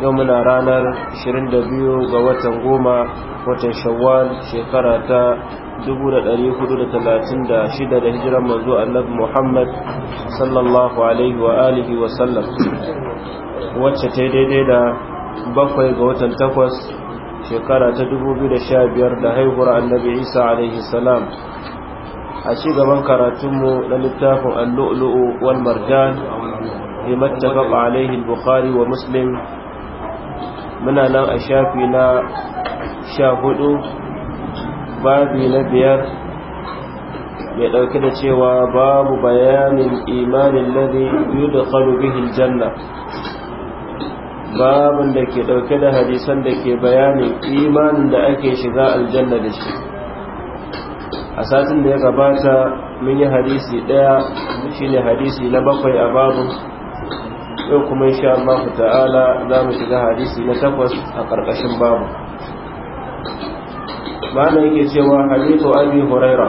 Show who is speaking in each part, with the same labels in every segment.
Speaker 1: yau muna ranar 22 ga watan goma watan shawwal shekara ta 436 da hijiran manzo annabi Muhammad sallallahu alaihi wa alihi wa sallam wacce ta daidai da bakwai ga watan takwas shekara ta 2015 da haihuwar annabi Isa alaihi salam a ci gaban karatunmu na littafin al-lu'lu'u wal marjan bi mattafaqa alaihi al-bukhari wa muslim muna nan a shafi na sha hudu babi na biyar mai ɗauke da cewa babu bayanin imanin lade biyu da bihin janna babin da ke ɗauke da hadisan da ke bayanin imanin da ake shiga aljanna da shi a satin da ya gabata mun yi hadisi ɗaya shi ne hadisi na bakwai a babu yau kuma insha Allah ta'ala za mu shiga hadisi na takwas a ƙarƙashin babu ma'ana yake cewa hadithu abi huraira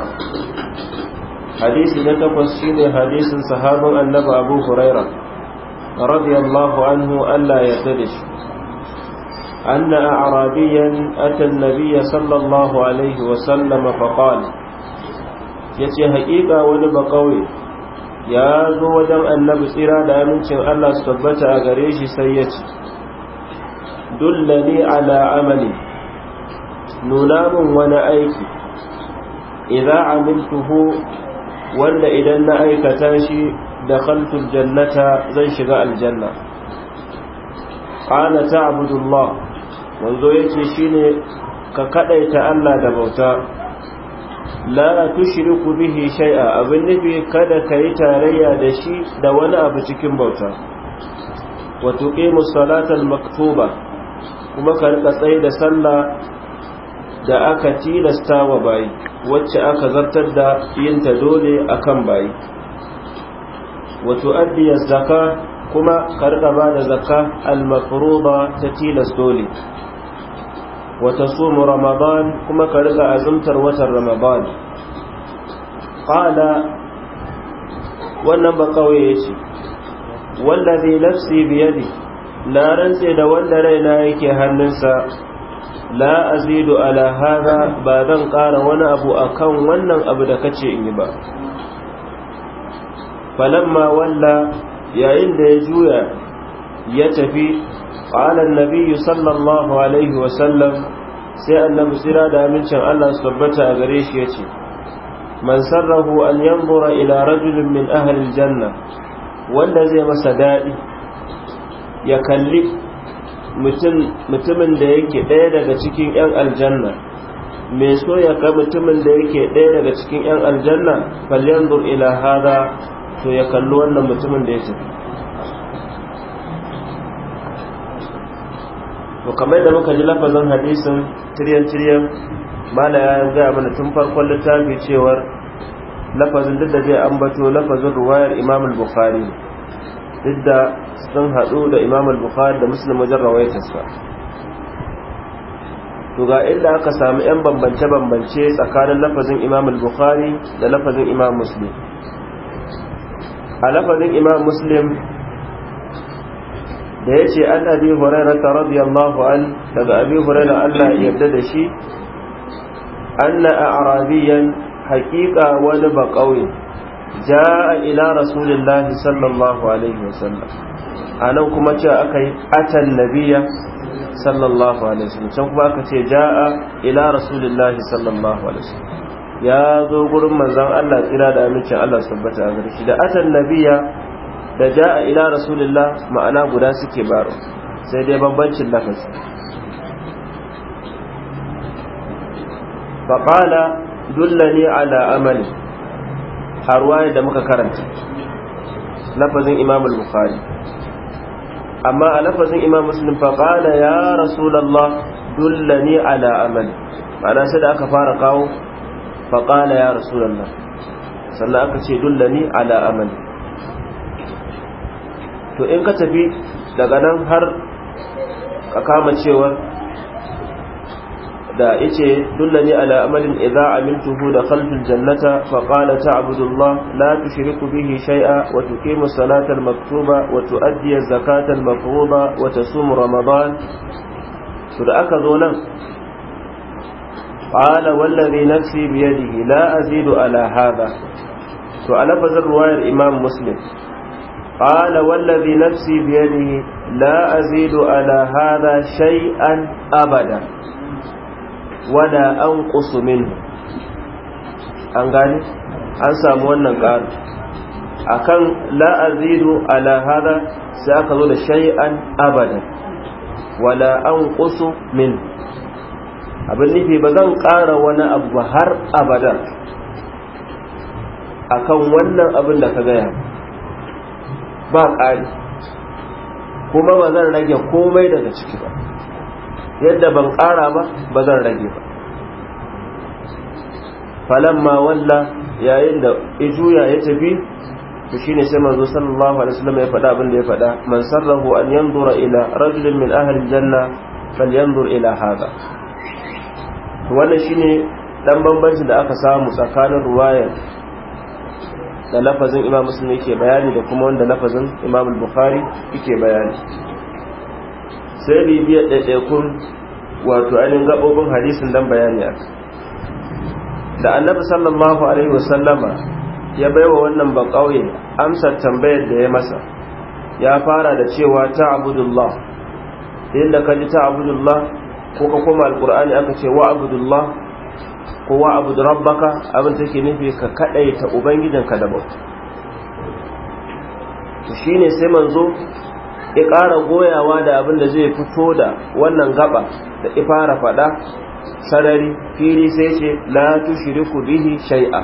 Speaker 1: hadisi na takwas shine hadisin sahabin annabi abu huraira radiyallahu anhu Allah ya tada shi أن أعرابيا أتى النبي صلى الله عليه وسلم فقال يتي حقيقة ونبقوي ya zo wajen annabi tsira da amincin Allah su tabbata a gare shi sai ya ce dullani ala amali nuna min wani aiki idan amiltuhu wanda idan na aikata shi da khaltul jannata zan shiga aljanna ta abudullah wanzo yace shine ka kaɗaita Allah da bauta la tushriku bihi shay'a abin nufi kada ka yi tarayya da shi da wani abu cikin bauta wa tuqimu salatal maktuba kuma ka rika tsaye da sallah da aka tilasta wa bayi wacce aka zartar da yin ta dole akan bayi wa tu'addi Zaka kuma ka rika ba da zakka al mafruḍa ta tilas dole wata sumu ramadan kuma ka rika azumtar watan ramadan ƙala wannan ba kawai ya ce wallazi nafsi biyadi na rantse da wanda raina yake hannunsa la azidu ala ba zan ƙara wani abu akan wannan abu da kace in yi ba falamma walla yayin da ya juya ya tafi قال النبي صلى الله عليه وسلم sai annabi sira da amincin Allah su tabbata a gare shi yace man sarrahu an yanzura ila rajulin min ahli aljanna wanda zai masa dadi ya kalli mutumin da yake daya daga cikin yan aljanna me so ya ga mutumin da yake daya daga cikin yan aljanna yanzur ila hada to ya kalli wannan mutumin da ya tafi to kamar da muka ji lafazin hadisin tiryan tiryan mala ya gaya mana tun farkon littafi cewar lafazin duk da zai ambato lafazin ruwayar imam al-bukhari duk da sun haɗu da imam al-bukhari da muslim wajen rawaitarsa to ga inda aka sami yan bambance-bambance tsakanin lafazin imam al-bukhari da lafazin imam muslim a lafazin imam muslim da ya ce an abi hurairah ta radiyallahu an daga abi hurairah Allah ya yarda da shi anna a'rabiyan haqiqa wani ja a ila rasulillahi sallallahu alaihi wasallam nan kuma ce akai atan nabiyya sallallahu alaihi wasallam can kuma aka ce ja a ila rasulillahi sallallahu alaihi wasallam ya zo gurin manzon Allah tsira da amincin Allah tabbata a gare shi da atan nabiyya da ja'a ila rasulillah ma'ana guda suke baro sai dai bambancin lafazi faƙala dullani ala amali a da muka karanta lafazin imamul bukhari amma a lafazin imam muslim faƙala ya rasulallah dullani ala amali ma'ana sai da aka fara kawo faƙala ya rasulallah sannan aka ce dullani ala amali to in ka tafi daga nan har ka kama cewar da yace dullani ala amalin idza amiltuhu da khalfil jannata fa qala ta'budu la tushriku bihi shay'a wa tuqimu salata al-maktuba wa tuaddi az-zakata al-mafruḍa wa ramadan to da aka zo nan qala wallazi nafsi bi la azidu ala hadha to a lafazin ruwayar imam muslim قال والذي نفسي بيده لا أزيد على هذا شيئا أبدا ولا أنقص منه أنقاني أنسى موانا قال أكن لا أزيد على هذا سأخذ شيئا أبدا ولا أنقص منه abin nufi ba zan ƙara wani abu har abada akan wannan abin da ka gaya ba ƙari kuma ba zan rage komai daga ciki ba yadda ban ƙara ba ba zan rage ba falamma walla yayin da ijuya ya tafi to shine sai manzo sallallahu alaihi wasallam ya faɗa abin da ya faɗa man sarrahu an yanzura ila rajulin min ahli janna falyanzur ila hada to wannan shine dan bambancin da aka samu tsakanin ruwayar da lafazin imam muslim yake bayani da kuma wanda lafazin imam bukhari yake bayani sai bibiyar ɗaiɗaikun wato ainihin gaɓoɓin hadisin don bayani a da annabi sallallahu alaihi wasallama ya baiwa wannan ba ƙauye amsar tambayar da ya masa ya fara da cewa ta abudullah inda ka ji ta abudullah ko ka koma alƙur'ani aka ce wa abudullah kowa abu da rabbaka abin take nufi ka kadaita ubangijinka da bauta to shine sai manzo ya ƙara goyawa da abin da zai fito da wannan gaba da ifara fada sarari fili sai ce la tushriku bihi shay'a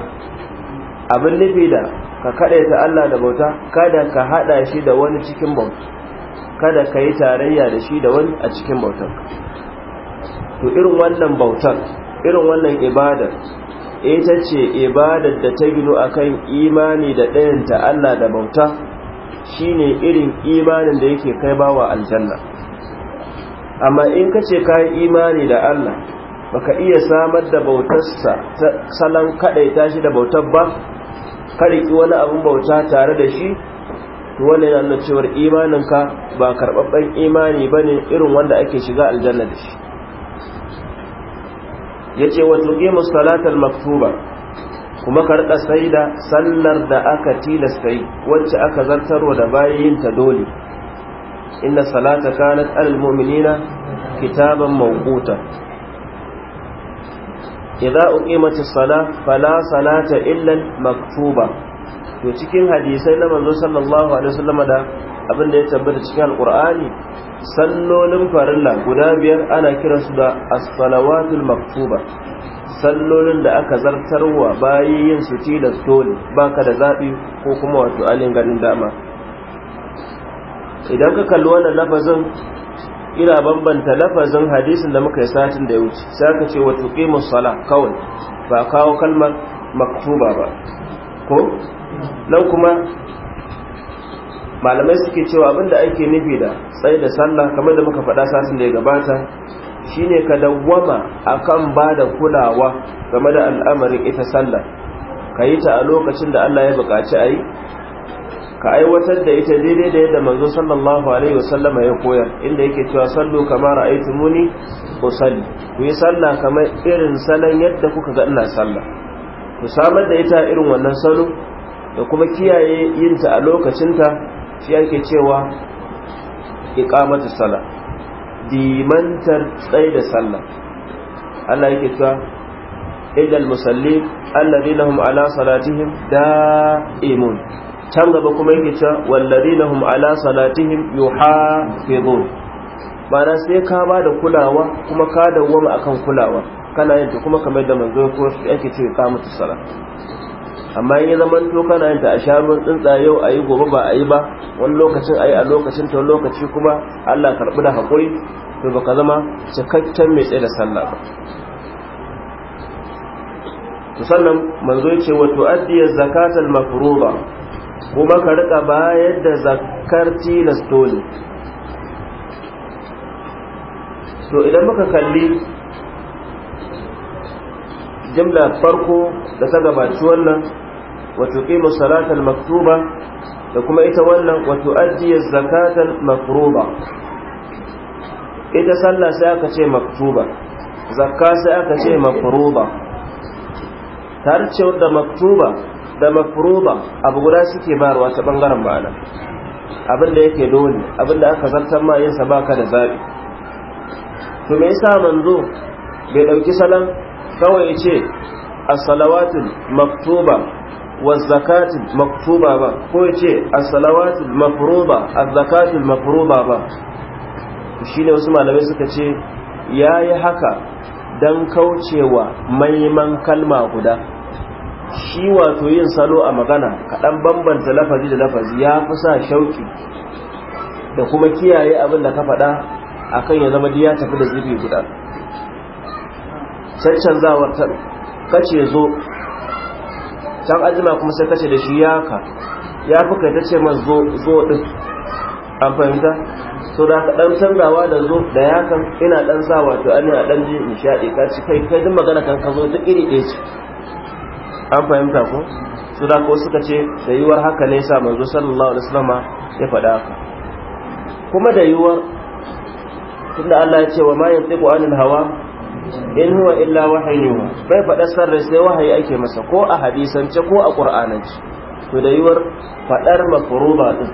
Speaker 1: abin nufi da ka ta Allah da bauta kada ka hada shi da wani cikin bauta kada ka yi tarayya da shi da wani a cikin bautar to irin wannan bautar irin wannan ibadar ita ce ibadar da ta gino akan imani da ɗayanta Allah da bauta shine irin imanin da yake kai bawa aljanna amma in ka ce kayan imani da Allah baka iya samar da bautarsa ta salon kaɗaita shi da bautar ba kariki wani abin bauta tare da shi wannan yana nuna cewar imaninka ba karɓaɓɓen imani ba ne irin wanda ake shiga aljanna da shi yace wa tuqimu salatal maktuba kuma ka sai saida sallar da aka tilasta yi wacce aka zartarwa da bayin ta dole inda salata kanat alal mu'minina kitaban mawquta idza uqimat as-salah fala salata illa maktuba to cikin hadisai na manzo sallallahu alaihi wasallam da abin da ya tabbata cikin alkur'ani sallolin farilla guda biyar ana kiransu da as-salawatul maktuba sallolin da aka zartarwa wa yin su ci da stoli baka da zaɓi ko kuma wato alin ganin dama idan ka kalli wannan lafazin ina bambanta lafazin hadisin da muka yi satin da ya wuce sai ka ce wato tuqimus sala kawai ba kawo kalmar maktuba ba ko nan kuma malamai suke cewa abinda ake nufi da tsaye da sallah kamar da muka faɗa sasin da ya gabata shine ka dawwama akan ba da kulawa game da al'amarin ita sallah ka yi ta a lokacin da Allah ya buƙaci a yi ka aiwatar da ita daidai da yadda manzo sallallahu alaihi wasallama ya koyar inda yake cewa sallu kama ra'aytumuni usalli ku yi sallah kamar irin salon yadda kuka ga ina sallah ku samar da ita irin wannan salo da kuma kiyaye yinta a lokacinta shi ake cewa iqamatu sala dimantar tsaye da sallah Allah yake cewa illal musallin alladhina hum ala salatihim da'imun can gaba kuma yake cewa walladhina hum ala salatihim yuhafizun Bana sai ka ba da kulawa kuma ka dawwama akan kulawa kana yin kuma kamar da manzo ko yake ake cewa iqamatu sala amma in ya zaman to kana yin ta a sha ruwan yau a yi gobe ba a yi ba wani lokacin a yi a lokacin ta lokaci kuma allah karɓi da haƙuri to baka zama cikakken mai tsaye da sallah ba to sannan manzo ya ce wa tu'addiya zakatal mafruḍa kuma ka rika bayar da zakar tilastoli to idan muka kalli jimla farko da ta gabaci wannan wa tuqimu salatal maktuba da kuma ita wannan wa tuaddi zakatal makruba ita sallah sai aka ce maktuba zakka sai aka ce makruba tarcewar da maktuba da makruba abu guda suke bayarwa ta bangaren ma'ana abinda yake dole abinda aka zartar ma yin sa baka da zabi to me yasa manzo bai ɗauki salon kawai ce a salawatun maktuba والزكاة المكتوبة با كويتي الصلوات المفروضة الزكاة المفروضة با shine wasu malamai suka ce yayi haka dan kaucewa maiman kalma guda shi wato yin salo a magana kaɗan bambanta lafazi da lafazi ya fi sa shauki da kuma kiyaye abin da ka faɗa akan ya zama ya tafi da zubi guda caccanzawar ta kace zo can ajima kuma sai kace da shi ya ka ya fi kai ta ce ma zo din an fahimta so da ka dan canzawa da zo da ya kan ina dan sa wato an a dan ji nishadi ka ci kai kai duk magana kan ka zo duk iri ɗaya ce an fahimta ko so da ko suka ce da yiwuwar haka ne sa manzo sallallahu alaihi wasallama ya faɗa haka kuma da yiwuwar tunda Allah ya ce wa ma yantiqu anil hawa in huwa illa wahayin yuwa bai faɗar sarrai sai wahayi ake masa ko a hadisance ko a ƙur'anance to da yiwuwar faɗar ɗin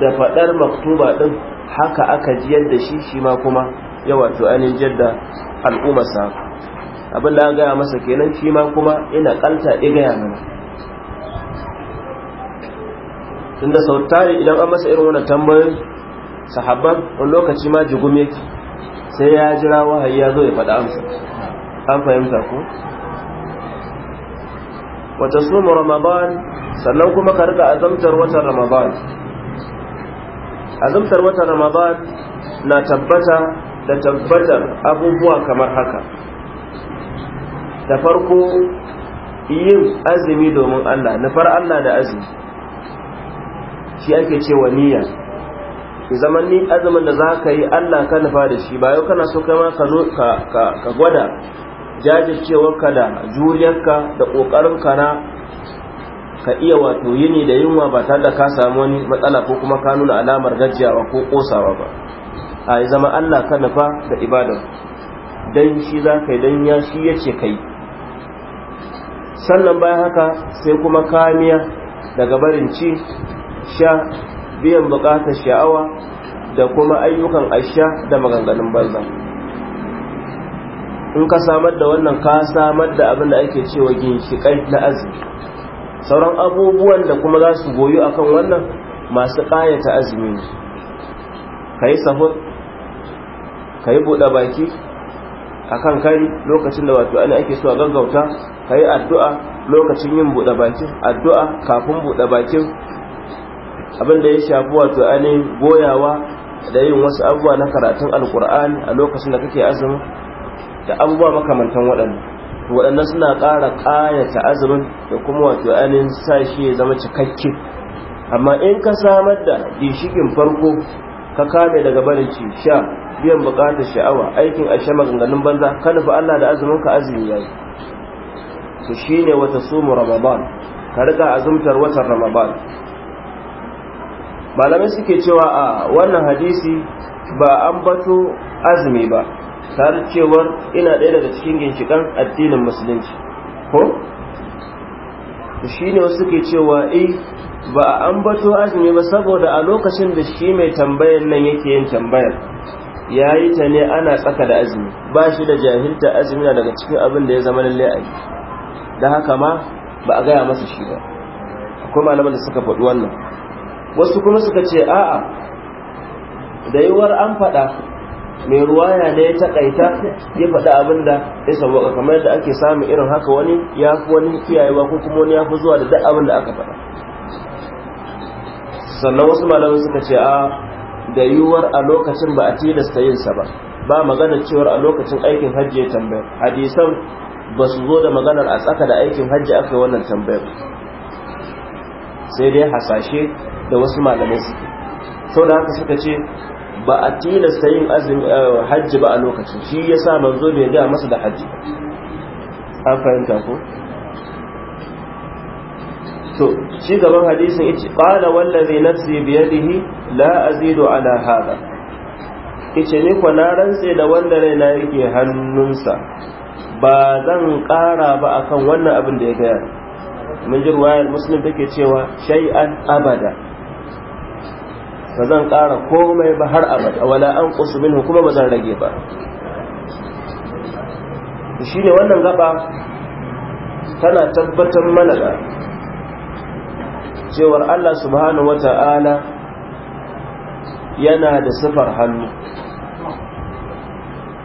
Speaker 1: da faɗar maktuba ɗin haka aka ji yadda shi shi ma kuma ya wato ainihin jadda al'umma sa abin da gaya masa kenan shi ma kuma ina ƙalta ɗigaya mana tunda sautari idan an masa irin wannan tambayoyin sahabban wani lokaci ma jigum yake sai ya jira wahayi ya zo ya faɗa amsa an fahimta ko wata suma ramadan sannan kuma ka rika azamtar watan ramadan azamtar watan ramadan na tabbata da tabbatar abubuwa kamar haka da farko yin azumi domin Allah nufar Allah da azumi shi ake cewa niyya ni azumin da za ka yi allah ka nufa da shi ba kana so kama ka zo ka gwada jajircewarka da juriyarka da ƙoƙarinka na ka iya wato yini da yunwa ba tare da ka samu wani matsala ko kuma ka nuna alamar gajiyawa ko ƙosawa ba a yi zama allah ka nufa da ibadar don shi za ka yi don ya shi ya ce ka yi sannan bayan haka sai kuma kamiya daga barin ci sha biyan bukatar sha'awa da kuma ayyukan asha da maganganun banza in ka samar da wannan ka samar da abin da ake cewa ginshikai na azumi sauran abubuwan da kuma za su goyo akan wannan masu ƙayata azumi ne ka yi sahur ka yi buɗe baki akan kan kari lokacin da wato ana ake so a gaggauta ka yi addu'a lokacin yin buɗe bakin addu'a kafin buɗe bakin abin da ya shafi wato ainihin goyawa da yin wasu abubuwa na karatun alkur'ani a lokacin da kake azumi da abubuwa makamantan waɗanda waɗanda suna ƙara ƙayata azumin da kuma wato ainihin sa shi ya zama cikakke amma in ka samar da ginshikin farko ka kame daga barin ci sha biyan buƙatar sha'awa aikin a sha maganganun banza ka nufi allah da azumin ka azumi yi to shine wata sumu ramadan ka riga azumtar watan ramadan malamai suke cewa a wannan hadisi ba an bato azumi ba tare cewar ina ɗaya daga cikin ginshikan addinin musulunci ko shi ne wasu ke cewa eh ba a ambato azumi ba saboda a lokacin da shi mai tambayar nan yake yin tambayar ya yi ta ne ana tsaka da azumi ba shi da jahilta azumi na daga cikin abin da ya zama lalle a yi da haka ma ba a gaya masa shi ba akwai malaman da suka faɗi wannan wasu kuma suka ce a'a da yiwuwar an faɗa mai ruwaya ne ya taƙaita ya faɗi abin da ya sauwaka kamar yadda ake samun irin haka wani ya fi wani kiyayewa ko kuma wani ya fi zuwa da duk abin da aka faɗa sannan wasu malamai suka ce a da yiwuwar a lokacin ba a tilasta yin sa ba ba magana cewar a lokacin aikin hajji ya tambaya hadisan ba su zo da maganar a tsaka da aikin hajji aka yi wannan tambayar sai dai hasashe da wasu malamai suke sau da haka suka ce ba a tilasta yin eh, hajji ba a lokaci. shi ya sa manzo bai gaya masa da hajji an fahimta ko to shi gaban hadisin yace qala wallazi nafsi bi yadihi la azidu ala hada yace ni ko na rantse da wanda rai na yake hannunsa ba zan kara ba akan wannan abin da ya gaya mun ji ruwayar muslim take cewa shay'an abada ba zan ƙara komai ba har abada wala an ƙusu minhu kuma ba zan rage ba shi ne wannan gaba tana tabbatar mana da cewar Allah subhanahu wa ta'ala yana da siffar hannu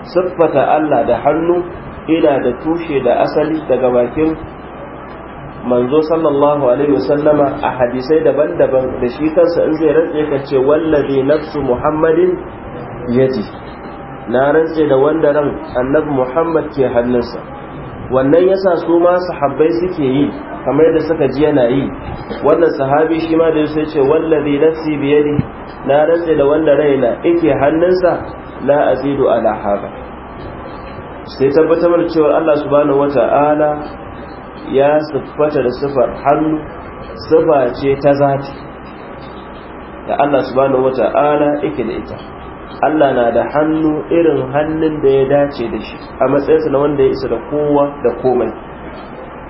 Speaker 1: siffata Allah da hannu ina da tushe da asali daga bakin manzo sallallahu alaihi wasallama a hadisai daban-daban da shi kansa in zai rantse ka ce wallazi nafsu muhammadin yadi na rantse da wanda ran annabi muhammad ke hannunsa wannan yasa su ma sahabbai suke yi kamar da suka ji yana yi wannan sahabi shi ma da yasa ce wallazi nafsi bi yadi na rantse da wanda raina yake hannunsa la azidu ala haba sai tabbatar cewa Allah subhanahu wata'ala ya siffata da siffar hannu siffa ce ta zati da Allah subhanahu ta'ala yake da ita Allah na da hannu irin hannun da ya dace da shi a matsayinsa na wanda ya isa da kowa da komai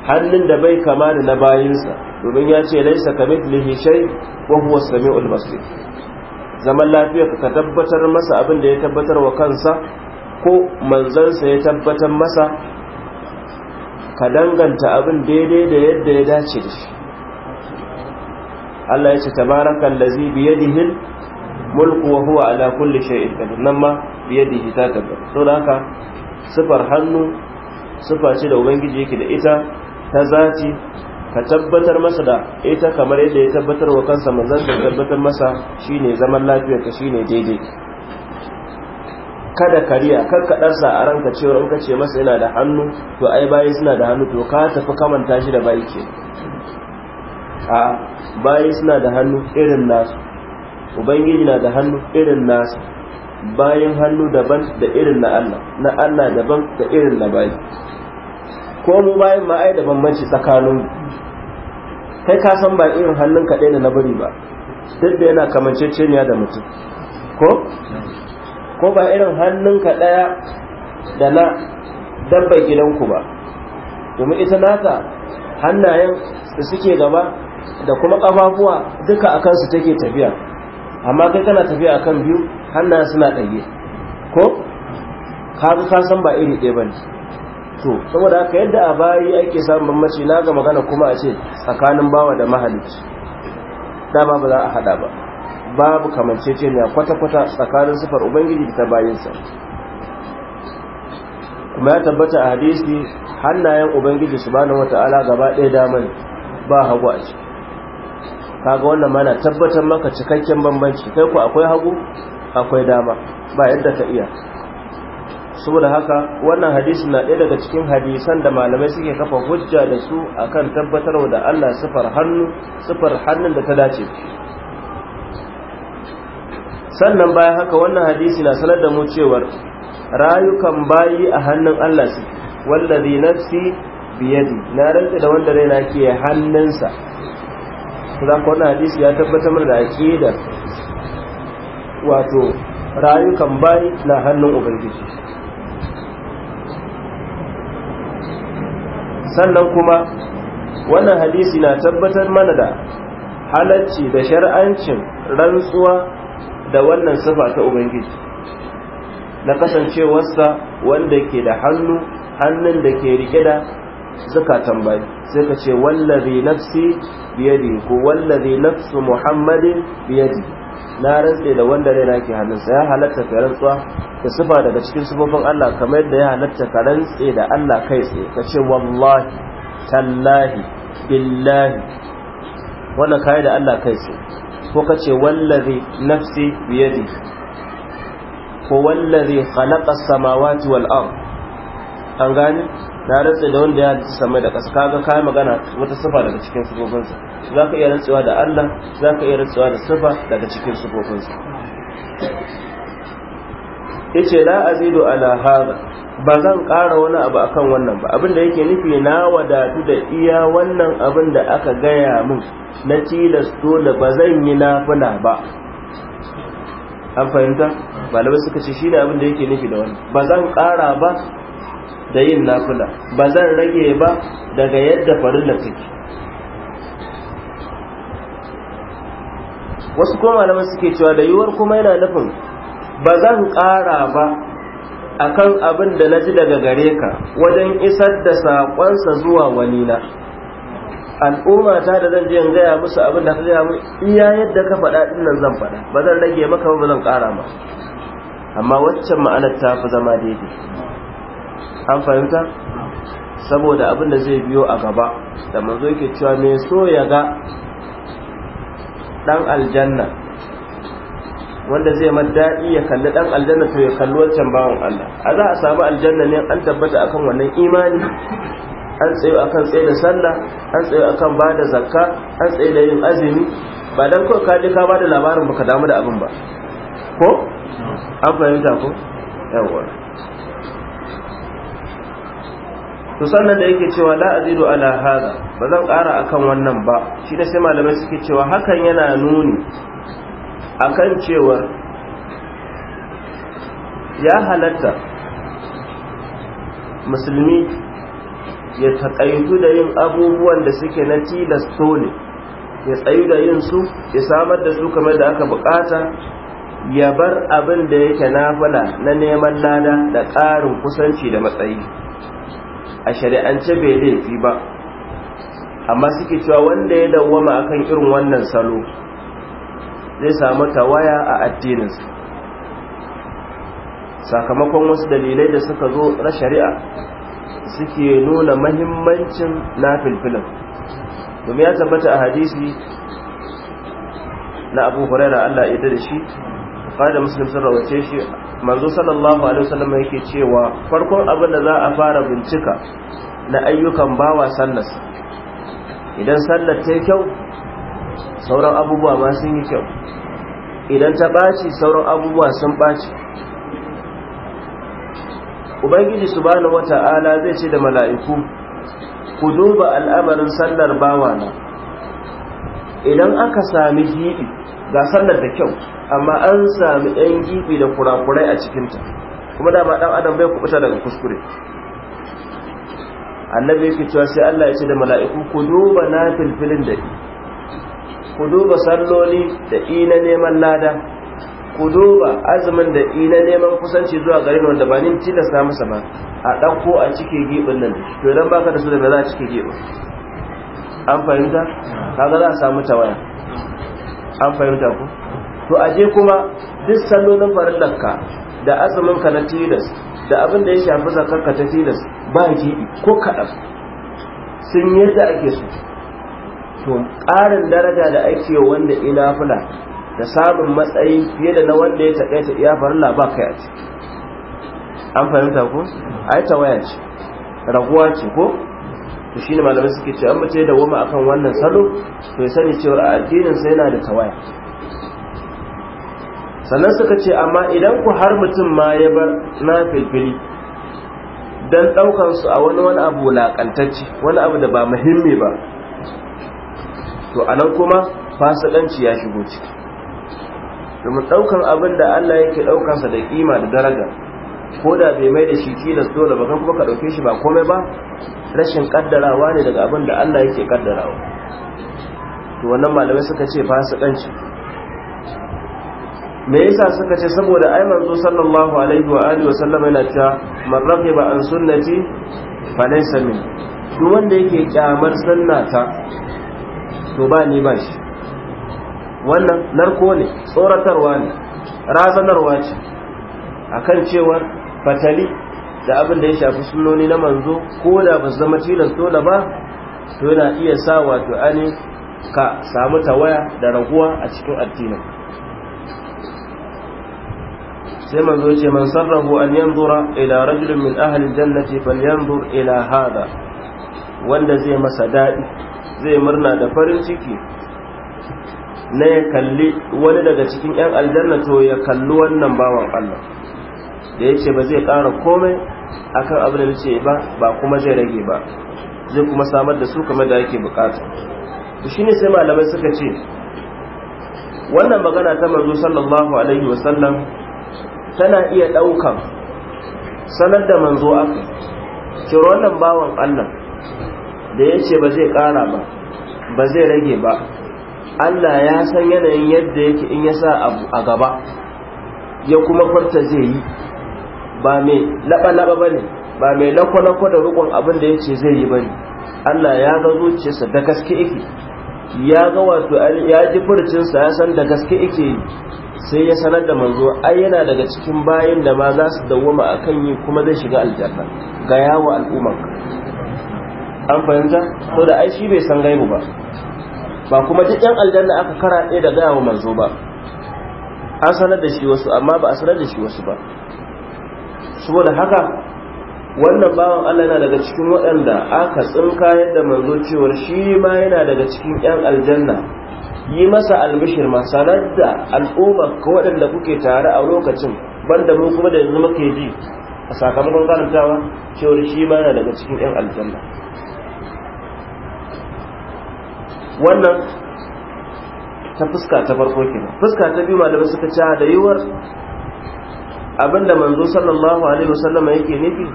Speaker 1: hannun da bai kama da na bayinsa domin ya ce laisa kamithlihi shay wa huwa samiul basir zaman lafiya ka tabbatar masa abin da ya tabbatar wa kansa ko manzansa ya tabbatar masa ka danganta abin daidai da yadda ya dace da shi Allah ya ce tabarakan da hin mulku wa huwa ala kulli shay'in qadir nan ma biye biyadihi ta kaddar to da haka sifar hannu sifa ce da ubangiji yake da ita ta zati ka tabbatar masa da ita kamar yadda ya tabbatar wa kansa manzon da tabbatar masa shine zaman lafiyarta ka shine daidai kada kariya kar ka ɗarsa a ranka cewa in ka ce masa yana da hannu to ai bayi suna da hannu to ka tafi kamanta shi da bayi ke a bayi suna da hannu irin nasu ubangiji na da hannu irin nasu bayan hannu daban da irin na Allah na Allah daban da irin na bayi ko mu bayan ma ai da manci tsakanin kai ka san ba irin hannun ka ɗaya da na bari ba duk da yana kamanceceniya da mutum ko ko ba irin hannunka ɗaya da na dabbar gidanku ba domin ita nata hannayen da suke gaba da kuma ƙafafuwa duka a kansu take tafiya amma kai kana tafiya a kan biyu hannayen suna ɗage ko ka kasan ba iri ɗaya ba ne to saboda haka yadda a bayi ake samun bambanci na ga magana kuma a ce tsakanin bawa da mahalicci dama ba za a haɗa ba babu kamanceceniya kwata-kwata tsakanin sifar ubangiji da ta bayinsa kuma ya tabbata a hadisi hannayen ubangiji su subhanahu wata'ala gaba ɗaya damar ba hagu a ciki kaga wannan mana tabbatar maka cikakken bambanci kai ku akwai hagu akwai dama ba yadda ka iya saboda haka wannan hadisi na ɗaya daga cikin hadisan da malamai suke kafa hujja da su akan tabbatarwa da Allah sifar hannu sifar hannun da ta dace sannan bayan haka wannan hadisi na sanar da mu cewar rayukan bayi a hannun Allah su wallazi nafsi biyadi na rantsa da wanda raina ke hannunsa za ku wannan hadisi ya tabbatar da aqida wato rayukan bayi na hannun ubangiji sannan kuma wannan hadisi na tabbatar mana da halacci da shar'ancin rantsuwa da wannan sifa ta ubangiji na kasancewarsa wanda ke da hannu hannun da ke rike da suka tambayi sai ka ce wallazi nafsi biyadi ko wallazi nafsu muhammadin biyadi na rantse da wanda rai nake hannunsa ya halatta ka rantsuwa da sifa daga cikin sifofin Allah kamar yadda ya halatta ka rantse da Allah kai tsaye ka ce wallahi tallahi billahi wannan kai da Allah kai tsaye ko ka ce wallazi nafsi biyadi ko wallazi khalaqa samawati wal ard an gane na rantsa da wanda ya halitta sama da ƙasa kaga kai magana wata sifa daga cikin sifofinsa zaka iya rantsuwa da Allah zaka iya rantsuwa da sifa daga cikin sifofinsa yace la azidu ala hada ba zan ƙara wani abu akan wannan ba abin da yake nufi na wadatu da iya wannan abin da aka gaya min na tilas dole ba zan yi nafila ba an fahimta malamai suka ce shi ne abin da yake nufi da wani ba zan ƙara ba da yin nafila ba zan rage ba daga yadda farilla take wasu kuma malamai suke cewa da yiwuwar kuma yana nufin ba zan ƙara ba akan abin da na ji daga gare ka wajen isar da saƙonsa zuwa wani na al'umma ta da zan je in gaya musu abin da ta gaya mu iya yadda ka faɗa din nan zan faɗa ba zan rage maka ba zan ƙara ma amma waccan ma'anar ta fi zama daidai an fahimta saboda abin da zai biyo a gaba da manzo yake cewa me so ya ga dan aljanna wanda zai ma daɗi ya kalli dan aljanna to ya kalli wancan bawan Allah a za a samu aljanna ne an tabbata akan wannan imani an tsayo akan tsaye da sallah an tsayo akan ba da zakka an tsaye da yin azumi ba dan kawai ka je ka ba da labarin baka damu da abin ba ko an fahimta ko yawa to sannan da yake cewa la azidu ala hada ba zan ƙara akan wannan ba shi ne sai malamai suke cewa hakan yana nuni akan cewar ya halatta musulmi ya taƙaitu da yin abubuwan da suke na tilas ya tsayu da yin su ya samar da su kamar da aka buƙata, ya bar abin da yake nafala na neman lada da ƙarin kusanci da matsayi a shari'ance bai laifi ba amma suke cewa wanda ya dawwama akan irin wannan salo zai samu tawaya a addininsa sakamakon wasu dalilai da suka zo na shari'a suke nuna mahimmancin nafilfilin domin ya tabbata a hadisi na abu huraira Allah ya da shi da muslim sun rawace shi manzo sallallahu alaihi wasallam yake cewa farkon abin da za a fara bincika na ayyukan bawa sallas idan sallar ta kyau sauran abubuwa ma sun yi kyau idan ta ɓaci sauran abubuwa sun ɓaci ubangiji subhanahu wata'ala zai ce da mala'iku ku duba al'amarin sallar bawa na idan aka sami gibi ga sallar da kyau amma an sami yan gibi da kurakurai a cikinta kuma dama dan adam bai kubuta daga kuskure annabi yake cewa sai Allah ya ce da mala'iku ku duba na filfilin da ku duba salloli da ina neman lada ku duba azumin da ina neman kusanci zuwa gare ni wanda ba ni tilasta masa ba a ɗauko a cike gibin nan to idan baka da su da za a cike gibin an fahimta kaga za a samu tawaya an fahimta ku to aje kuma duk sallolin farillarka da azumin ka na tilas da abin da ya shafi zakarka ta tilas ba gibi ko kaɗan sun yadda ake so to ƙarin daraja da ake wanda ina fula da samun matsayi fiye da na wanda ya taƙaita iya faru ba kai a ciki an fahimta ko a yi tawaya ce raguwa ce ko to ne malamai suke ce an mace da wama akan wannan salo to ya sani cewar a addinin sai yana da tawaya sannan suka ce amma idan ku har mutum ma ya bar na filfili don ɗaukar su a wani wani abu laƙantacci wani abu da ba muhimmi ba to anan kuma fasikanci ya shigo ciki domin ɗaukan abin da Allah yake ɗaukansa da kima da daraja ko da bai mai da shi kila dole ba bakan kuma ka ɗauke shi ba komai ba rashin kaddarawa ne daga abin da Allah yake kaddarawa to wannan malamai suka ce fasikanci me yasa suka ce saboda ai manzo sallallahu alaihi wa alihi wa sallam yana cewa man raqiba an sunnati fa laysa min duk wanda yake kyamar sunnata to ba ni ba shi wannan narko ne tsoratarwa ne razanarwa ce A kan cewar fatali da abin da ya shafi sunoni na manzo ko da ba su zama tilas dole ba to yana iya sa wato ane ka samu tawaya da raguwa a cikin addinin sai manzo ce man sarrahu an yanzura ila rajulin min ahli jannati yanzur ila hada wanda zai masa daɗi zai murna da farin ciki na ya kalli wani daga cikin 'yan aljanna to ya kalli wannan bawan Allah da ya ce ba zai ƙara komai akan abin da ce ba ba kuma zai rage ba zai kuma samar da su kamar da yake bukata to shine sai malamai suka ce wannan magana ta manzo sallallahu alaihi wasallam tana iya ɗaukan sanar da manzo aka ciro wannan bawan Allah da ya ce ba zai ƙara ba ba zai rage ba Allah ya san yanayin yadda yake in ya sa a gaba ya kuma farta zai yi ba mai laɓa-laɓa ba ne ba mai lakwa-lakwa da rukun abin da ya ce zai yi ba ne Allah ya ga zuciyarsa da gaske ike ya ga wato ya ji furcinsa ya san da gaske ike sai ya sanar da manzo ai yana daga cikin bayan da ma za su dawwama a kan yi kuma zai shiga aljanna ga yawo al'umman an fahimta to da ai shi bai san gaibu ba ba kuma duk yan aljanna aka kara ɗaya da gaya wa manzo ba an sanar da shi wasu amma ba a sanar da shi wasu ba saboda haka wannan bawan Allah yana daga cikin waɗanda aka tsinka yadda manzo cewar shi ma yana daga cikin yan aljanna yi masa albishir ma sanar da al'umma ka waɗanda kuke tare a lokacin banda mu kuma da yanzu muke ji a sakamakon karantawa cewar shi ma yana daga cikin yan aljanna wannan ta fuska ta farko nan, fuska ta biyu malamai suka ci ah, da yiwuwar abinda manzo sallallahu alaihi wasallama yake nufi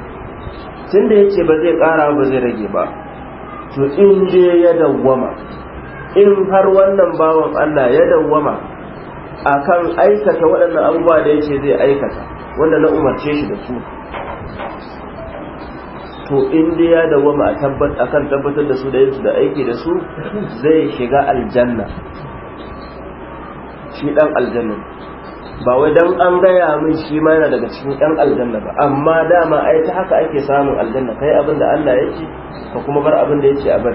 Speaker 1: tunda yace ba zai kara ba zai rage ba to in je ya dawwama in har wannan bawan Allah ya dawwama akan aikata waɗannan abubuwa da yace zai aikata wanda na umarce shi da su to in dai ya dawwama a akan tabbatar da su da yin su da aiki da su zai shiga aljanna shi dan aljanna ba wai dan an gaya min shi ma yana daga cikin yan aljanna ba amma dama ai ta haka ake samun aljanna kai abin da Allah ya ce ka kuma bar abin da ya ce a bar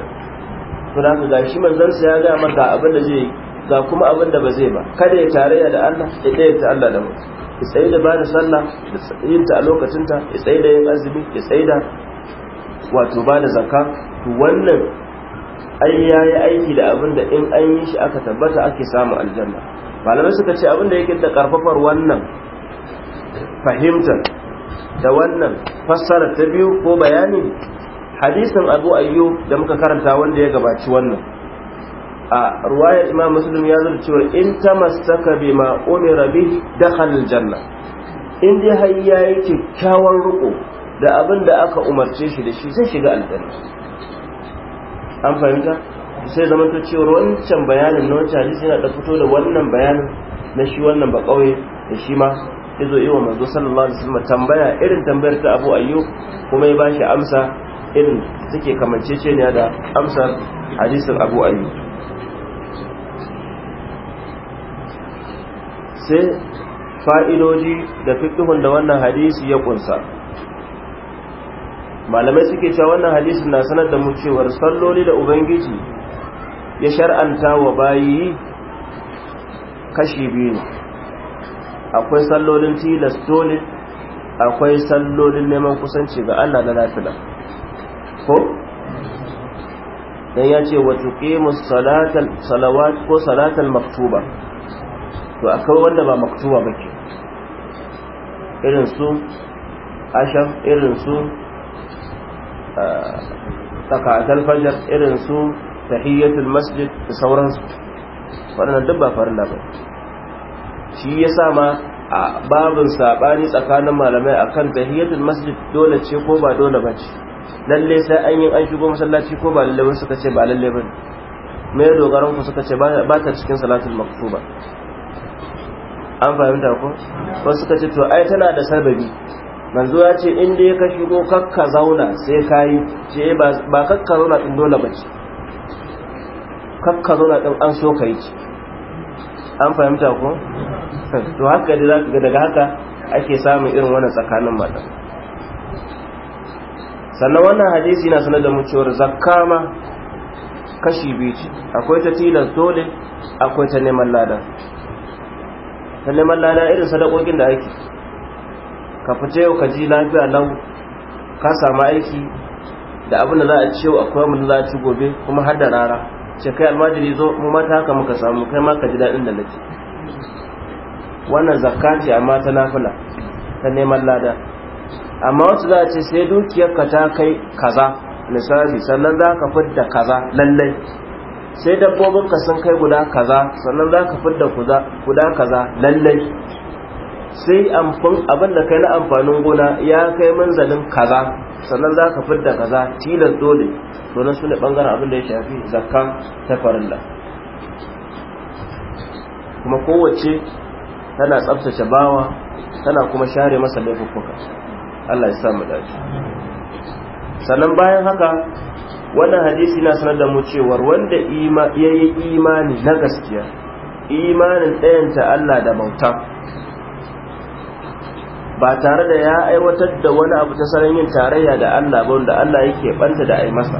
Speaker 1: to da ga shi manzon sa ya ga maka abin da zai ga kuma abin da ba zai ba kada ya tarayya da Allah ya tsaya ta Allah da mu. ya tsaye da bada sallah ya tsaye ta a lokacinta ya tsaye da yin azumi ya tsaye da wato ba da zaka to wannan ai yayi aiki da abin in an yi shi aka tabbata ake samu aljanna malamai suka ce abin da yake da karfafar wannan fahimtar da wannan fassara ta biyu ko bayani hadisin abu ayyo da muka karanta wanda ya gabaci wannan a ruwaya imam muslim ya zura cewa in ta bima umira bihi dakhala aljanna in dai ya yayi kyakkyawan ruko da abin da aka umarce shi da shi zai shiga aljanna an fahimta sai zama ta cewar wancan bayanin na wancan hadisi yana da fito da wannan bayanin na shi wannan ba kauye da shi ma ya zo iwa manzo sallallahu alaihi wasallam tambaya irin tambayar ta Abu Ayyub kuma ya bashi amsa irin take kamanceceniya da amsar hadisin Abu Ayyub sai fa'idodi da fiqhun da wannan hadisi ya kunsa malamai suke cewa wannan hadisin na sanar da mu cewar salloli da ubangiji ya shar'anta wa bayi kashi biyu ne akwai sallolin tilas dole akwai sallolin neman kusanci ga Allah na lafiya ko dan ya ce wa tuqimus salatal salawat ko salatal maktuba to akwai wanda ba maktuba ke? irin su asham irin su tsakatar fajar irin su tahiyyatul masjid da sauransu waɗannan duk ba farilla ba shi ya sa ma a babin saɓani tsakanin malamai akan tahiyyatul masjid dole ce ko ba dole ba ce lalle sai an yi an shigo masallaci ko ba lalle wani suka ce ba lalle ba mai dogaran ku suka ce ba ta cikin salatul maktuba an fahimta ko wasu suka ce to ai tana da sababi manzo ya ce in dai ka shigo kakka zauna sai ka yi ce eh, ba kakka zauna ɗin dole ba ce kakka zauna ɗin an so ka yi ce an fahimta ko to haka dai za ka ga daga haka ake samun irin wannan tsakanin mata sannan wannan hadisi na sanar da mu cewar zakka ma kashi biyu ce akwai ta tilas dole akwai ta neman lada ta neman lada irin sadakokin da ake ka fita yau ka ji lafiya lau ka samu aiki da abin da za a ce akwai da za a ci gobe kuma har da rara ce kai almajiri zo mu mata haka muka samu kai ma ka ji daɗin da nake wannan zakka ce amma ta nafila ta neman lada amma wasu za a ce sai dukiyar ka ta kai kaza misali sannan za ka fidda kaza lallai sai dabbobin ka sun kai guda kaza sannan za ka fidda guda kaza lallai sai abin da kai na amfanin gona ya kai manzalin kaza sannan za ka fidda kaza tilas dole domin su ne bangaren abin da ya shafi zakka ta farilla kuma kowace tana tsabtace bawa tana kuma share masa laifuffuka Allah ya samu dace sannan bayan haka wannan hadisi na sanar da mu cewar wanda ya yi imani na gaskiya imanin ɗayanta Allah da bauta ba tare da ya aiwatar da wani abu ta sanin yin tarayya da Allah ba wanda Allah yake banta da ai masa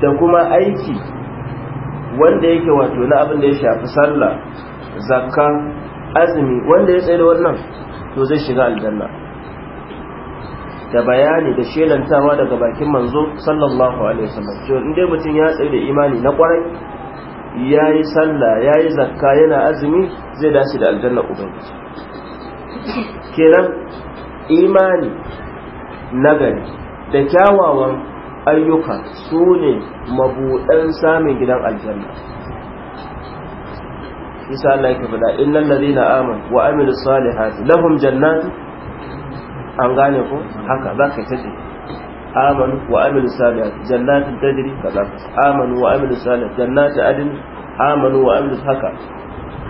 Speaker 1: da kuma aiki wanda yake wato na abin da ya shafi sallah zakka azumi wanda ya tsaye da wannan to zai shiga aljanna da bayani da shelantawa daga bakin manzo sallallahu alaihi wasallam to in dai mutum ya tsaye da imani na kwarai yayi sallah yayi zakka yana azumi zai dace da aljanna ubangiji kenan imani nagari da kyawawan ayyuka su ne mabuɗan samun gidan aljanna isa Allah ya faɗa innal ladina amanu wa amilus salihati lahum jannatu an gane ko haka za ka tace amanu wa amilus salihati jannatin tajri kaza amanu wa amilus salihati jannatu adin amanu wa amilus haka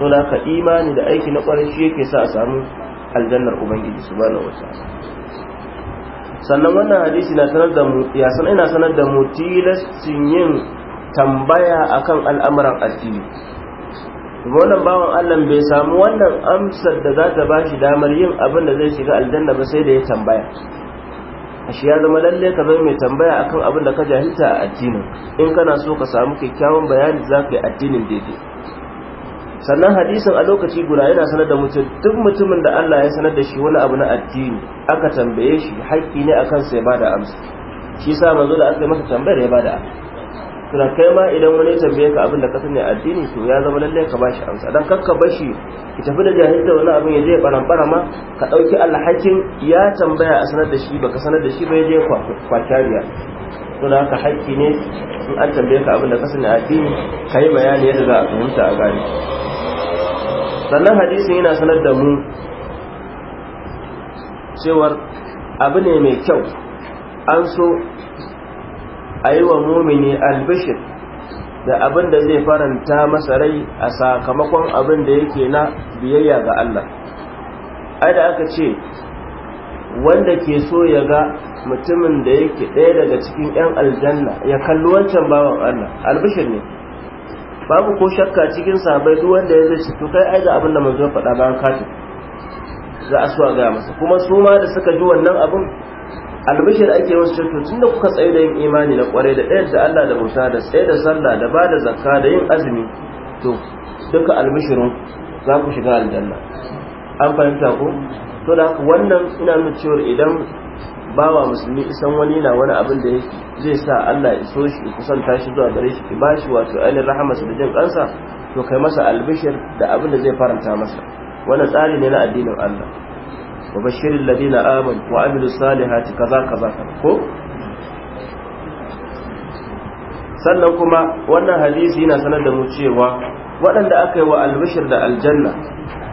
Speaker 1: to da ka imani da aiki na ƙwarai shi yake sa a samu aljannar ubangiji subhanahu wataala sannan wannan hadisi na sanar da mu ya san ina sanar da mu tilastin yin tambaya akan al'amuran addini wannan bawan Allah bai samu wannan amsar da za ta bashi damar yin abin da zai shiga aljanna ba sai da ya tambaya ashe ya zama lalle ka zama mai tambaya akan abin da ka jahilta a addinin in kana so ka samu kyakkyawan bayani za ka yi addinin daidai sannan hadisin a lokaci guda yana sanar da mutum duk mutumin da Allah ya sanar da shi wani abu na addini aka tambaye shi haƙƙi ne a kansa ya bada amsa shi sa manzo da aka yi masa tambayar ya bada amsa kai ma idan wani tambaye ka abin da ka sani addini to ya zama lallai ka bashi amsa dan kakka bashi ki tafi da da wani abin ya je baran ma ka dauki alhakin ya tambaya a sanar da shi baka sanar da shi ba ya je kwakariya to da haka haƙƙi ne in an tambaye ka abin da ka sani addini kai bayani yadda za a fahimta a gane sannan hadisin yana sanar da mu cewar abu ne mai kyau an so a yi wa mumini albishir da abin da zai faranta masa rai a sakamakon abin da yake na biyayya ga Allah ai da aka ce wanda ke so ya ga mutumin da yake ɗaya daga cikin 'yan aljanna ya kalli wancan bawan Allah albishir ne babu ko shakka cikin sahabbai duk wanda ya zai to kai ai ga abin da manzo faɗa bayan katin za a so a gaya masa kuma su ma da suka ji wannan abin albishir ake wasu cewa tun da kuka tsaye da yin imani na kwarai da ɗayar da Allah da bauta da tsaye da sallah da ba da zakka da yin azumi to duka albishirin za ku shiga aljanna an fahimta ko to da wannan ina nuna cewa idan bawa musulmi isan wani na wani abin da yake zai sa Allah ya so shi kusanta shi zuwa gare shi ba shi wato ainihin rahamarsa da jin kansa to kai masa albishir da abin da zai faranta masa wannan tsari ne na addinin Allah wa bashirin ladina aman wa amilu salihati kaza kaza ko sannan kuma wannan hadisi yana sanar da mu cewa waɗanda aka yi wa albishir da aljanna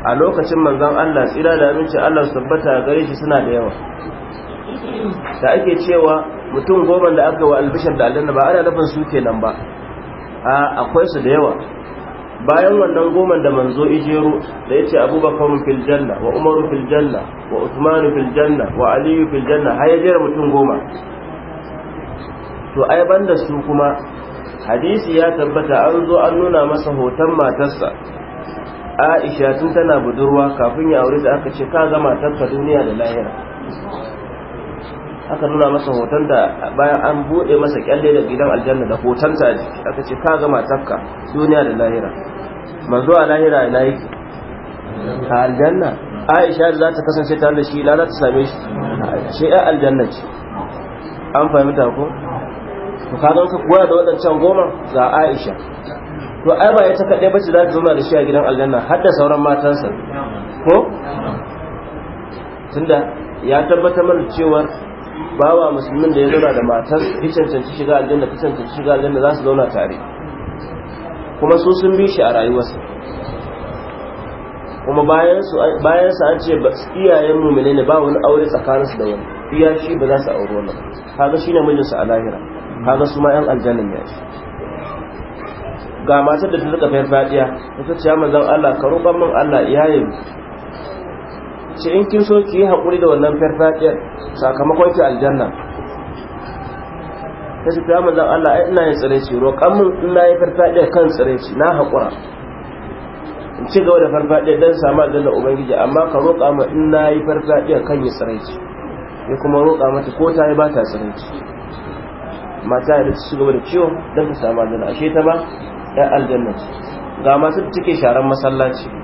Speaker 1: a lokacin manzon Allah tsira da aminci Allah su tabbata gare shi suna da yawa da ake cewa mutum goma da aka wa albishar da aljanna ba ana nufin su kenan ba a akwai su da yawa bayan wannan goman da manzo ijero da yace ce abubakar fil janna wa umaru fil janna wa usman fil janna wa aliyu fil janna har ya jera mutum goma to ai banda su kuma hadisi ya tabbata an zo an nuna masa hoton matarsa aisha tun tana budurwa kafin ya aure da aka ce ka ga matarka duniya da lahira aka nuna masa hoton da bayan an bude masa kyalle da gidan aljanna da hotonta a jiki aka ce ka gama tafka duniya da lahira manzo a lahira ina yake a aljanna aisha da za ta kasance tare da shi la za ta same shi shi ya aljanna ce an fahimta ko to ka ga kuwa da waɗancan goma za aisha to ai ba ita kaɗai bace za ta zauna da shi a gidan aljanna har da sauran matansa ko tunda ya tabbatar mana cewar bawa musulmin da ya zauna da matar fi shiga aljanna fi shiga aljanna za su zauna tare kuma su sun bi shi a rayuwarsa kuma bayan sa an ce iyayen mumine ne ba wani aure tsakaninsu da wani iya shi ba za su auri wannan kaga shi ne mijinsu a lahira kaga su ma yan aljannan ya shi ga matar da ta rika fayar fadiya ta ce ya manzon Allah ka roƙon min Allah iyayen ce in kin so ki yi haƙuri da wannan farfajiyar sakamakon ki aljanna ta ce ta manzan Allah ai ina yin tsiraici roƙan min ina yi farfajiyar kan tsiraici na haƙura in ci gaba da farfajiyar don samu aljanna ubangiji amma ka roƙa in ina yi farfajiyar kan yi tsiraici ya kuma roƙa mata ko ta yi ba ta tsiraici mata da ci gaba da ciwo don ta samu aljanna ashe ta ba ya aljanna ga masu cike sharan masallaci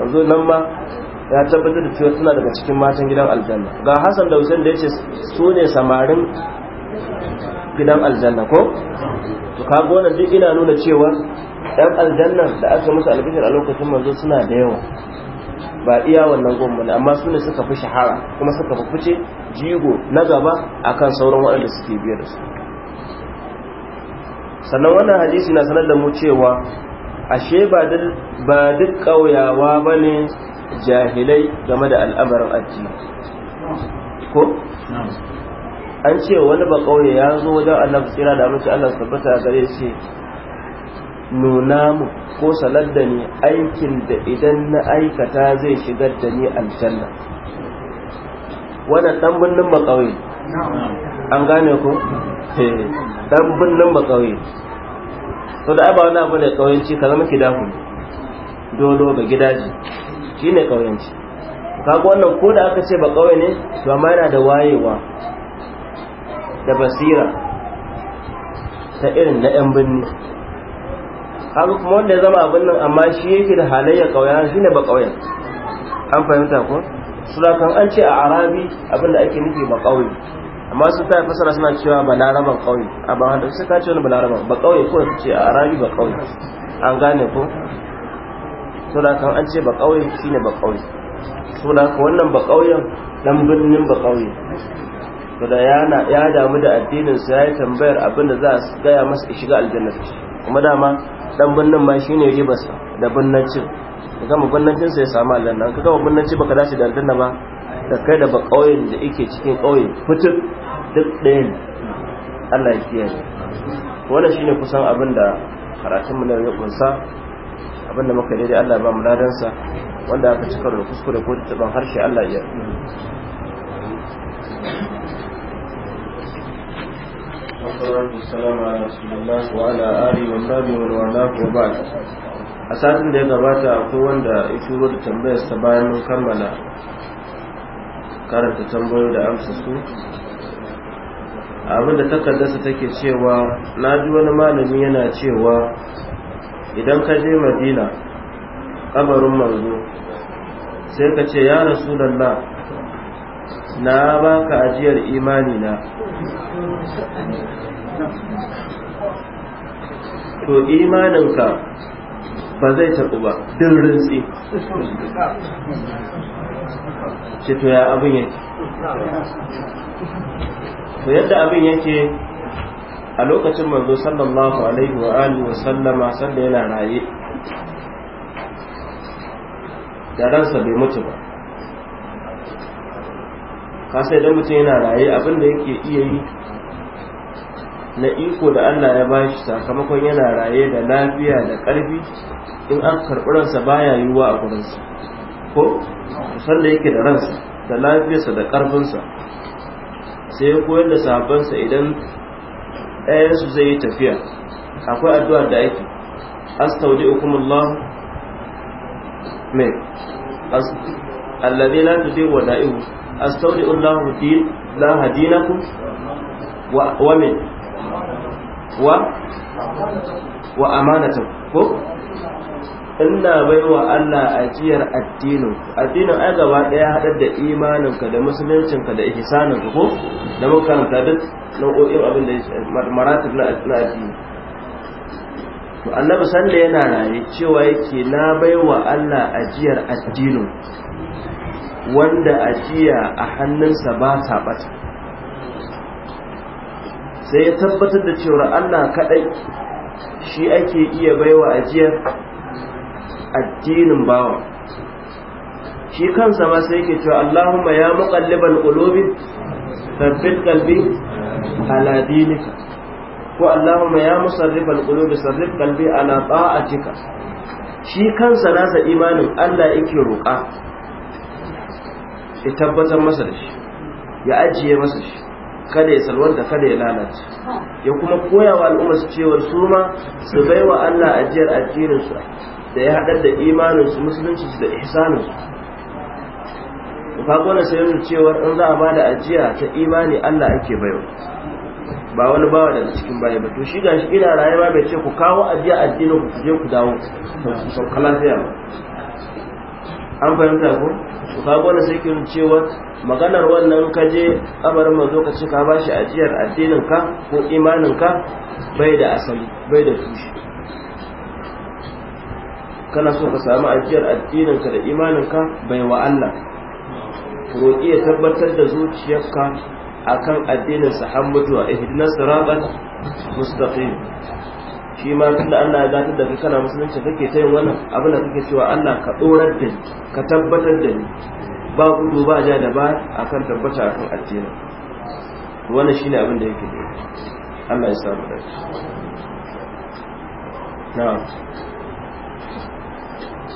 Speaker 1: yanzu nan ma ya tabbatar da cewa suna daga cikin matan gidan aljanna ga Hassan da Hussein da yace su ne samarin gidan aljanna ko to kaga wannan duk ina nuna cewa ɗan aljanna da aka musu albishir a lokacin manzo suna da yawa ba iya wannan gwamma amma su ne suka fi shahara kuma suka fi fice jigo na gaba akan sauran waɗanda suke biyar da su sannan wannan hadisi na sanar da mu cewa ashe ba duk ƙauyawa ba ne jahilai game da al'amarin addini ko an ce wani ba ƙauye ya zo wajen annabi tsira da mace allah tabbata gare shi nuna mu ko salar da ni aikin da idan na aikata zai shigar da ni aljanna wannan dan birnin ba ƙauye an gane ko dan eh, birnin ba ƙauye to da ba wani abu ne kauyanci ka zama kidahu dodo ga gidaji shine kauyanci kaga wannan ko da aka ce ba kauye ne to amma yana da wayewa da basira ta irin na yan binni kaga kuma wanda ya zama abin nan amma shi yake da halayyar shi ne ba kauyen an fahimta ko kan an ce a arabi abinda ake nufi ba kauye amma sun ta fasara suna cewa balaraban ƙauye a ba hada sai ka ce wani balaraban ba ƙauye ko ce a rabi ba ƙauye an gane ko saboda kan an ce ba ƙauye shine ba ƙauye saboda ka wannan ba ƙauyen dan birnin ba ƙauye to da ya damu da addinin sa yayi tambayar abin da za su gaya masa shiga aljanna kuma dama dan birnin ma shine ribarsa da birnancin kaga mu birnancin sa ya samu aljanna kaga mu birnancin baka dace da aljanna ba da kai da bakauyen da yake cikin ƙauyen fitir duk ɗaya Allah ya kiyaye wannan shine kusan abin da karatun mu na ya kunsa abin da muka daidai Allah ba mu ladan sa wanda aka cika da kuskure ko taban harshe Allah ya Assalamu a satin da ya gabata akwai wanda ya turo da tambayar sa bayan mun kammala karanta tambayo da amsa su da takardarsa take cewa na ji wani malami yana cewa idan ka je madina kabarin manzo sai ka ce ya rasulallah na ba ka ajiyar imani na to imaninka ba zai taɓu ba din rintsi
Speaker 2: ce to ya abin yake
Speaker 1: to yadda abin yake a lokacin manzo sallallahu alaihi wa alihi wa sallama sanda yana raye da bai mutu ba kasa idan mutum yana raye abin da yake iya yi na iko da Allah ya bashi sakamakon yana raye da lafiya da ƙarfi in an karɓi baya yiwuwa a gurinsa ko sanda yake da ransa da lafiyarsa da ƙarfinsa sai ya koyar da sahabbansa idan ɗayansu zai yi tafiya akwai addu'ar da ake astaudi hukumullah mai allazi na tudai wa da'ihu astaudi allahu din la hadinakum
Speaker 2: ku? wa wa
Speaker 1: wa amanatan ko na baiwa Allah ajiyar addinin addinin ai gaba daya hadar da imaninka da musuluncinka da ihsaninka ko da makaranta duk nau'o'in abin da maratib na addini to annabi sanda yana raye cewa yake na baiwa Allah ajiyar addinin wanda ajiya a hannunsa ba ta bata sai ya tabbatar da cewa Allah kadai shi ake iya baiwa ajiyar addinin bawa shi kansa ma sai yake cewa Allahumma ya muqallibal qulubi thabbit qalbi ala dinika ko Allahumma ya musarrifal qulubi sarrif qalbi ala ta'atika shi kansa nasa imanin Allah yake roƙa ya tabbatar masa da shi ya ajiye masa shi kada ya da kada ya lalace ya kuma koyawa al'ummar su cewa su ma su baiwa Allah ajiyar addinin su da ya haɗar da imaninsu musulunci da Su ka gona sai yanzu cewar in za a ba da ajiya ta imani allah ake bayo ba wani bawa daga cikin baya ba to shi ga shi ina rayuwa bai ce ku kawo ajiya addinin ku je ku dawo sau sauka lafiya ba an fahimta ko ku ka gwada sai kin cewa maganar wannan ka je kabarin mazo ka ce ka bashi ajiyar addinin ka ko imanin ka bai da asali bai da tushe kana so ka samu ajiyar addininka da imaninka bai wa Allah roƙi ya tabbatar da zuciyarka akan addinin sa mutuwa ihdina siratal mustaqim shi ma tunda Allah ya zata da kana musulunci kake ta yin wannan abin da kake cewa Allah ka dorar da ni ka tabbatar da ni ba gudu ba ja da ba akan tabbata akan addinin wannan shine abin da yake Allah ya samu da na'am